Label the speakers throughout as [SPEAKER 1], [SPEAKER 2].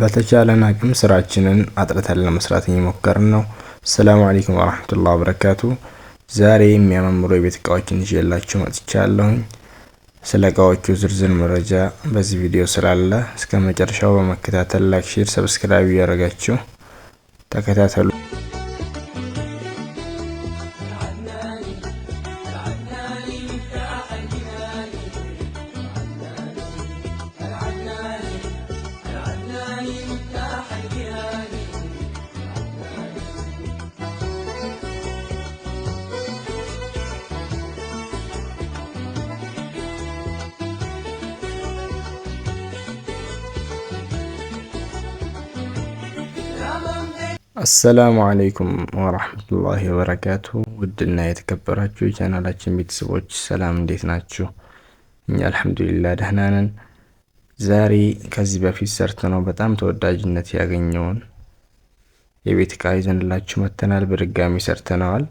[SPEAKER 1] በተቻለን አቅም ስራችንን አጥርተን ለመስራት እየሞከርን ነው። ሰላም አለይኩም ወራህመቱላሂ ወበረካቱ። ዛሬ የሚያማምሩ የቤት እቃዎችን ይዤላችሁ መጥቻለሁኝ። ስለ እቃዎቹ ዝርዝር መረጃ በዚህ ቪዲዮ ስላለ እስከ መጨረሻው በመከታተል ላይክ፣ ሼር፣ ሰብስክራይብ እያደረጋችሁ ተከታተሉ። አሰላሙ አለይኩም ወራህመቱላሂ ወበረካቱ። ውድና የተከበራችሁ የቻናላችን ቤተሰቦች ሰላም እንዴት ናችሁ? እኛ አልሐምዱሊላህ ደህና ነን። ዛሬ ከዚህ በፊት ሰርተነው በጣም ተወዳጅነት ያገኘውን የቤት እቃ ይዘንላችሁ መተናል። በድጋሚ ሰርተነዋል።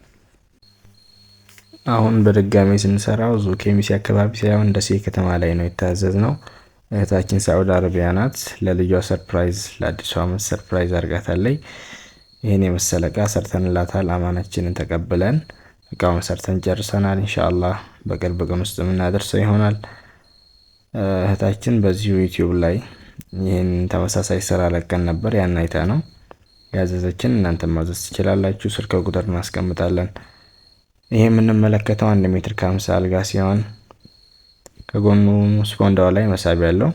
[SPEAKER 1] አሁን በድጋሚ ስንሰራው ዙ ኬሚሴ አካባቢ ሳይሆን ደሴ ከተማ ላይ ነው የታዘዝ ነው። እህታችን ሳዑዲ አረቢያ ናት። ለልጇ ሰርፕራይዝ፣ ለአዲሱ አመት ሰርፕራይዝ አርጋታለች። ይህን የመሰለ እቃ ሰርተንላታል። አማናችንን ተቀብለን እቃውን ሰርተን ጨርሰናል። እንሻላ በቅርብ ቀን ውስጥ የምናደርሰው ይሆናል። እህታችን በዚሁ ዩቲዩብ ላይ ይህን ተመሳሳይ ስራ ለቀን ነበር። ያን አይታ ነው ያዘዘችን። እናንተ ማዘዝ ትችላላችሁ። ስልክ ቁጥር እናስቀምጣለን። ይህ የምንመለከተው አንድ ሜትር ከሀምሳ አልጋ ሲሆን ከጎኑ ስፖንዳው ላይ መሳቢያ ያለው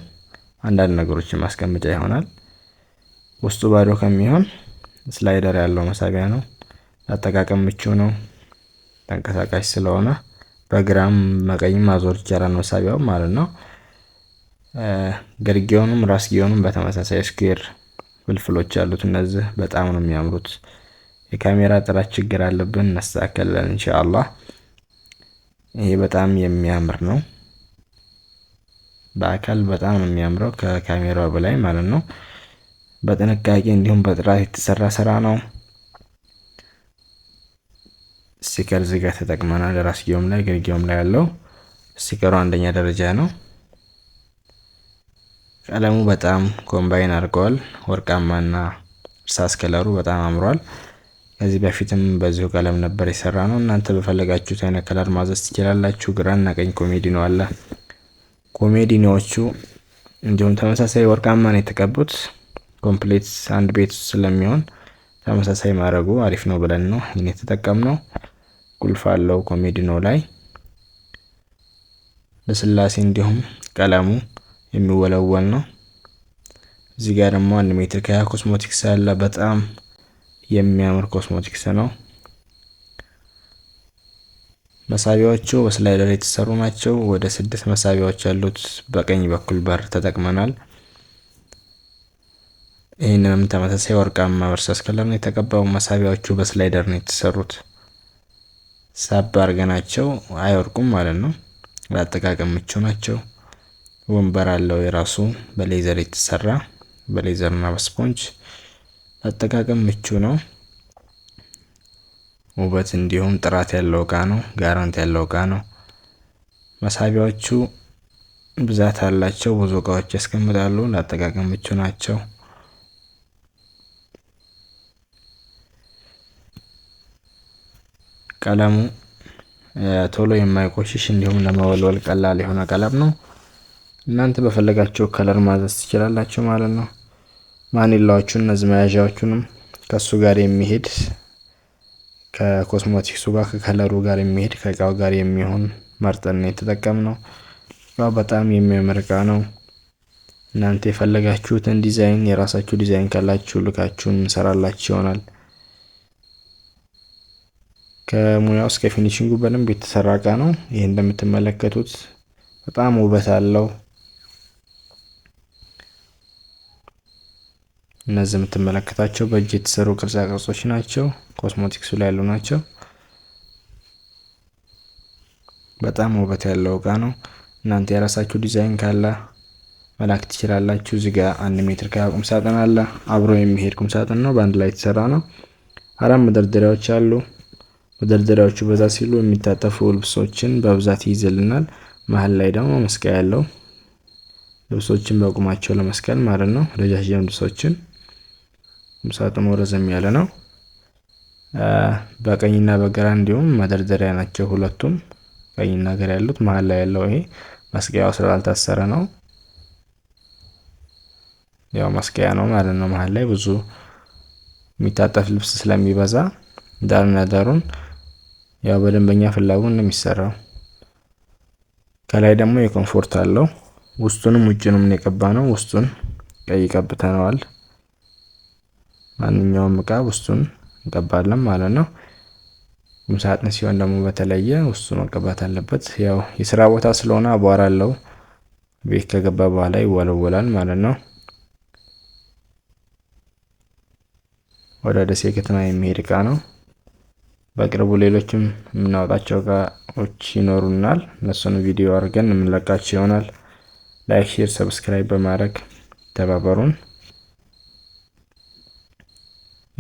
[SPEAKER 1] አንዳንድ ነገሮችን ማስቀመጫ ይሆናል። ውስጡ ባዶ ከሚሆን ስላይደር ያለው መሳቢያ ነው። ለአጠቃቀም ምቹ ነው። ተንቀሳቃሽ ስለሆነ በግራም መቀኝ ማዞር ይቻላል መሳቢያው ማለት ነው። ግርጌውንም ራስጌውንም በተመሳሳይ ስኩዌር ፍልፍሎች ያሉት እነዚህ በጣም ነው የሚያምሩት። የካሜራ ጥራት ችግር አለብን፣ እናስተካከላለን ኢንሻአላህ። ይሄ በጣም የሚያምር ነው። በአካል በጣም ነው የሚያምረው ከካሜራው በላይ ማለት ነው። በጥንቃቄ እንዲሁም በጥራት የተሰራ ስራ ነው። ስቲከር እዚህ ጋር ተጠቅመናል። ራስጌውም ላይ ግርጌውም ላይ ያለው ስቲከሩ አንደኛ ደረጃ ነው። ቀለሙ በጣም ኮምባይን አድርገዋል። ወርቃማና እርሳስ ከለሩ በጣም አምሯል። ከዚህ በፊትም በዚሁ ቀለም ነበር የሰራ ነው። እናንተ በፈለጋችሁት አይነት ከለር ማዘዝ ትችላላችሁ። ግራና ቀኝ ኮሜዲኖ አለ። ኮሜዲኖዎቹ እንዲሁም ተመሳሳይ ወርቃማ ነው የተቀቡት። ኮምፕሌት አንድ ቤት ውስጥ ስለሚሆን ተመሳሳይ ማድረጉ አሪፍ ነው ብለን ነው ይህን የተጠቀምነው። ቁልፍ አለው ኮሜዲኖ ላይ ለስላሴ እንዲሁም ቀለሙ የሚወለወል ነው። እዚህ ጋር ደግሞ አንድ ሜትር ከያ ኮስሞቲክስ አለ። በጣም የሚያምር ኮስሞቲክስ ነው። መሳቢያዎቹ በስላይደር የተሰሩ ናቸው። ወደ ስድስት መሳቢያዎች ያሉት በቀኝ በኩል በር ተጠቅመናል። ይህንንም ተመሳሳይ ወርቃማ እርሳስ ከለር ነው የተቀባው። መሳቢያዎቹ በስላይደር ነው የተሰሩት። ሳብ አድርገናቸው አይወርቁም ማለት ነው። ለአጠቃቀም ምቹ ናቸው። ወንበር አለው የራሱ በሌዘር የተሰራ በሌዘርና በስፖንጅ ለአጠቃቀም ምቹ ነው። ውበት እንዲሁም ጥራት ያለው እቃ ነው። ጋራንት ያለው እቃ ነው። መሳቢያዎቹ ብዛት አላቸው። ብዙ እቃዎች ያስቀምጣሉ። ለአጠቃቀም ምቹ ናቸው። ቀለሙ ቶሎ የማይቆሽሽ እንዲሁም ለመወልወል ቀላል የሆነ ቀለም ነው። እናንተ በፈለጋችሁ ከለር ማዘዝ ትችላላችሁ ማለት ነው። ማኒላዎቹ እነዚህ መያዣዎቹንም ከሱ ጋር የሚሄድ ከኮስሞቲክሱ ጋር ከከለሩ ጋር የሚሄድ ከእቃው ጋር የሚሆን መርጠን የተጠቀም ነው። እቃው በጣም የሚያምር እቃ ነው። እናንተ የፈለጋችሁትን ዲዛይን የራሳችሁ ዲዛይን ካላችሁ ልካችሁን እንሰራላችሁ ይሆናል። ከሙያው እስከ ፊኒሽንጉ በደንብ የተሰራ እቃ ነው። ይህ እንደምትመለከቱት በጣም ውበት አለው። እነዚህ የምትመለከታቸው በእጅ የተሰሩ ቅርጻ ቅርጾች ናቸው። ኮስሞቲክሱ ላይ ያሉ ናቸው። በጣም ውበት ያለው እቃ ነው። እናንተ የራሳችሁ ዲዛይን ካለ መላክ ትችላላችሁ። እዚህ ጋር አንድ ሜትር ከያ ቁም ሳጥን አለ። አብሮ የሚሄድ ቁም ሳጥን ነው። በአንድ ላይ የተሰራ ነው። አራት መደርደሪያዎች አሉ። መደርደሪያዎቹ በዛ ሲሉ የሚታጠፉ ልብሶችን በብዛት ይይዝልናል። መሀል ላይ ደግሞ መስቀያ ያለው ልብሶችን በቁማቸው ለመስቀል ማለት ነው። ረጃጅም ልብሶችን ሳጥኑ ረዘም ያለ ነው። በቀኝና በግራ እንዲሁም መደርደሪያ ናቸው ሁለቱም ቀኝና ግራ ያሉት። መሀል ላይ ያለው ይሄ መስቀያው ስላልታሰረ ነው። ያው መስቀያ ነው ማለት ነው። መሀል ላይ ብዙ የሚታጠፍ ልብስ ስለሚበዛ ዳርና ዳሩን ያው በደንበኛ ፍላጎት ነው የሚሰራው። ከላይ ደግሞ የኮምፎርት አለው። ውስጡንም ውጭንም የቀባ ነው። ውስጡን ቀይ ቀብተነዋል። ማንኛውም እቃ ውስጡን እንቀባለን ማለት ነው። ቁምሳጥን ሲሆን ደግሞ በተለየ ውስጡ መቀባት አለበት። ያው የስራ ቦታ ስለሆነ አቧራ አለው። ቤት ከገባ በኋላ ይወለወላል ማለት ነው። ወደ ደሴ ከተማ የሚሄድ እቃ ነው። በቅርቡ ሌሎችም የምናወጣቸው እቃዎች ይኖሩናል። እነሱን ቪዲዮ አድርገን የምንለቃቸው ይሆናል። ላይክ፣ ሼር፣ ሰብስክራይብ በማድረግ ተባበሩን።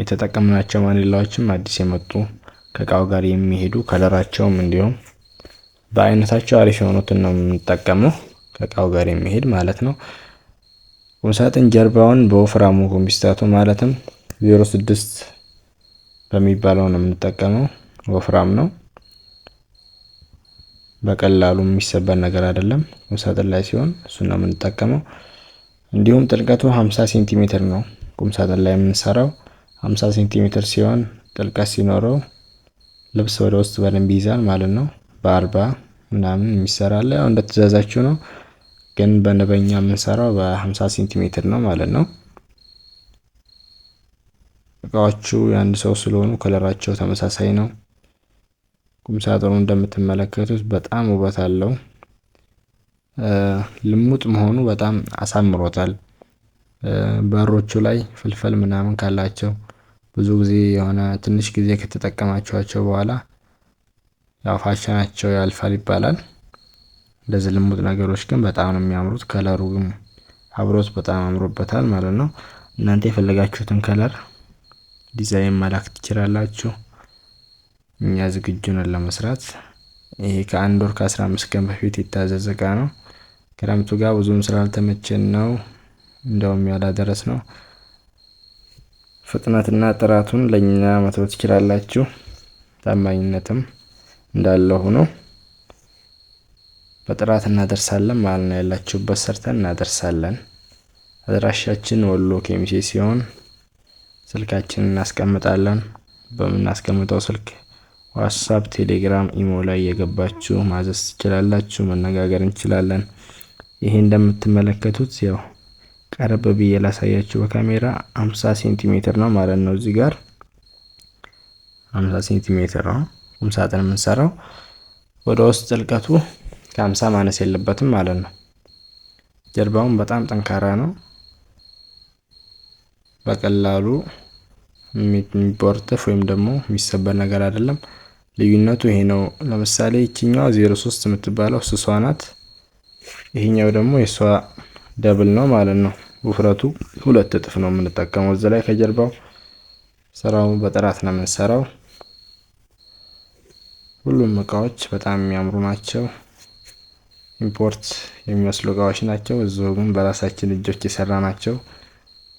[SPEAKER 1] የተጠቀምናቸው ማኒላዎችም አዲስ የመጡ ከእቃው ጋር የሚሄዱ ከለራቸውም እንዲሁም በአይነታቸው አሪፍ የሆኑትን ነው የምንጠቀመው ከእቃው ጋር የሚሄድ ማለት ነው። ቁምሳጥን ጀርባውን በወፍራሙ ኮምፒስታቱ ማለትም 06 በሚባለው ነው የምንጠቀመው። ወፍራም ነው። በቀላሉ የሚሰበር ነገር አይደለም። ቁምሳጥን ላይ ሲሆን እሱን ነው የምንጠቀመው። እንዲሁም ጥልቀቱ 50 ሴንቲሜትር ነው። ቁምሳጥን ላይ የምንሰራው 50 ሴንቲሜትር ሲሆን ጥልቀት ሲኖረው ልብስ ወደ ውስጥ በደንብ ይይዛል ማለት ነው። በአርባ ምናምን የሚሰራለ ያው እንደተዛዛችሁ ነው። ግን በንበኛ የምንሰራው በ50 ሴንቲሜትር ነው ማለት ነው። እቃዎቹ የአንድ ሰው ስለሆኑ ከለራቸው ተመሳሳይ ነው። ቁምሳጥኑ እንደምትመለከቱት በጣም ውበት አለው። ልሙጥ መሆኑ በጣም አሳምሮታል። በሮቹ ላይ ፍልፈል ምናምን ካላቸው ብዙ ጊዜ የሆነ ትንሽ ጊዜ ከተጠቀማቸዋቸው በኋላ ያው ፋሽናቸው ያልፋል ይባላል። እንደዚህ ልሙጥ ነገሮች ግን በጣም ነው የሚያምሩት። ከለሩ ግን አብሮት በጣም አምሮበታል ማለት ነው። እናንተ የፈለጋችሁትን ከለር ዲዛይን መላክ ትችላላችሁ። እኛ ዝግጁ ነን ለመስራት። ይሄ ከአንድ ወር ከአስራ አምስት ቀን በፊት የታዘዘ እቃ ነው። ክረምቱ ጋር ብዙም ስላልተመቸን ነው እንደውም ያላደረስ ነው። ፍጥነትና ጥራቱን ለእኛ መተው ትችላላችሁ። ታማኝነትም እንዳለ ሆኖ በጥራት እናደርሳለን ማለት ነው። ያላችሁበት ሰርተን እናደርሳለን። አድራሻችን ወሎ ኬሚሴ ሲሆን ስልካችንን እናስቀምጣለን። በምናስቀምጠው ስልክ ዋትሳፕ፣ ቴሌግራም፣ ኢሞ ላይ እየገባችሁ ማዘዝ ትችላላችሁ። መነጋገር እንችላለን። ይሄ እንደምትመለከቱት ያው ቀረብ ብዬ ላሳያችሁ በካሜራ 50 ሴንቲሜትር ነው ማለት ነው። እዚህ ጋር 50 ሴንቲሜትር ነው ቁም ሳጥን የምንሰራው። ወደ ውስጥ ጥልቀቱ ከ50 ማነስ የለበትም ማለት ነው። ጀርባውን በጣም ጠንካራ ነው። በቀላሉ የሚቦርጥፍ ወይም ደግሞ የሚሰበር ነገር አይደለም። ልዩነቱ ይሄ ነው። ለምሳሌ ይችኛዋ ዜሮ ሶስት የምትባለው ስሷ ናት። ይሄኛው ደግሞ የሷ ደብል ነው ማለት ነው። ውፍረቱ ሁለት እጥፍ ነው የምንጠቀመው እዚህ ላይ ከጀርባው ስራው በጥራት ነው የምንሰራው። ሁሉም እቃዎች በጣም የሚያምሩ ናቸው። ኢምፖርት የሚመስሉ እቃዎች ናቸው። እዚሁ ግን በራሳችን እጆች የሰራ ናቸው።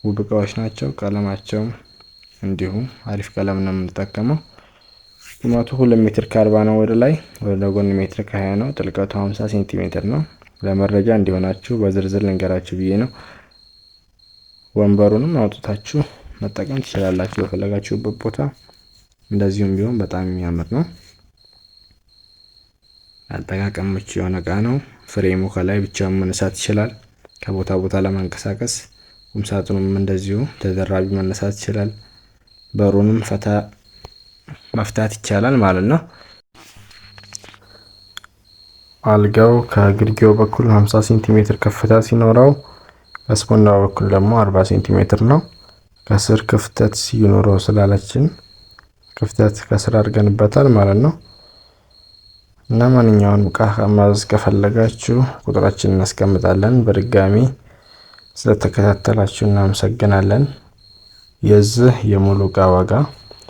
[SPEAKER 1] ውብ እቃዎች ናቸው። ቀለማቸውም እንዲሁም አሪፍ ቀለም ነው የምንጠቀመው። ቁመቱ ሁለት ሜትር ከአርባ ነው ወደ ላይ፣ ወደ ጎን ሜትር ከሀያ ነው። ጥልቀቱ ሀምሳ ሴንቲሜትር ነው። ለመረጃ እንዲሆናችሁ በዝርዝር ልንገራችሁ ብዬ ነው። ወንበሩንም አውጥታችሁ መጠቀም ትችላላችሁ በፈለጋችሁበት ቦታ። እንደዚሁም ቢሆን በጣም የሚያምር ነው። አጠቃቀም ምቹ የሆነ እቃ ነው። ፍሬሙ ከላይ ብቻውን መነሳት ይችላል። ከቦታ ቦታ ለማንቀሳቀስ ቁምሳጥኑም እንደዚሁ ተደራቢ መነሳት ይችላል። በሩንም ፈታ መፍታት ይቻላል ማለት ነው። አልጋው ከግርጌው በኩል 50 ሴንቲሜትር ከፍታ ሲኖረው በስፖናው በኩል ደግሞ 40 ሴንቲሜትር ነው። ከስር ክፍተት ሲኖረው ስላለችን ክፍተት ከስር አድርገንበታል ማለት ነው። እና ማንኛውን እቃ ማዘዝ ከፈለጋችሁ ቁጥራችን እናስቀምጣለን። በድጋሚ ስለተከታተላችሁ እናመሰግናለን። የዚህ የሙሉ እቃ ዋጋ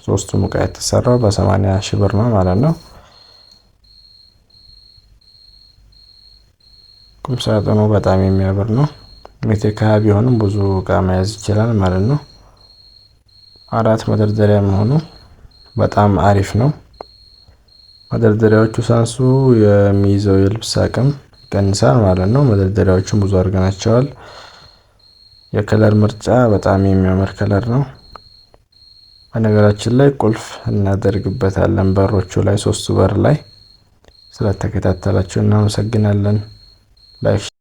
[SPEAKER 1] ሶስቱም እቃ የተሰራው በሰማንያ ሺህ ብር ነው ማለት ነው። ቁም ሳጥኑ በጣም የሚያምር ነው። ሜትር ካ ቢሆንም ብዙ እቃ መያዝ ይችላል ማለት ነው። አራት መደርደሪያ መሆኑ በጣም አሪፍ ነው። መደርደሪያዎቹ ሳንሱ የሚይዘው የልብስ አቅም ይቀንሳል ማለት ነው። መደርደሪያዎቹን ብዙ አድርገናቸዋል። የከለር ምርጫ በጣም የሚያምር ከለር ነው። በነገራችን ላይ ቁልፍ እናደርግበታለን በሮቹ ላይ ሶስቱ በር ላይ። ስለተከታተላችሁ እናመሰግናለን። ላይክ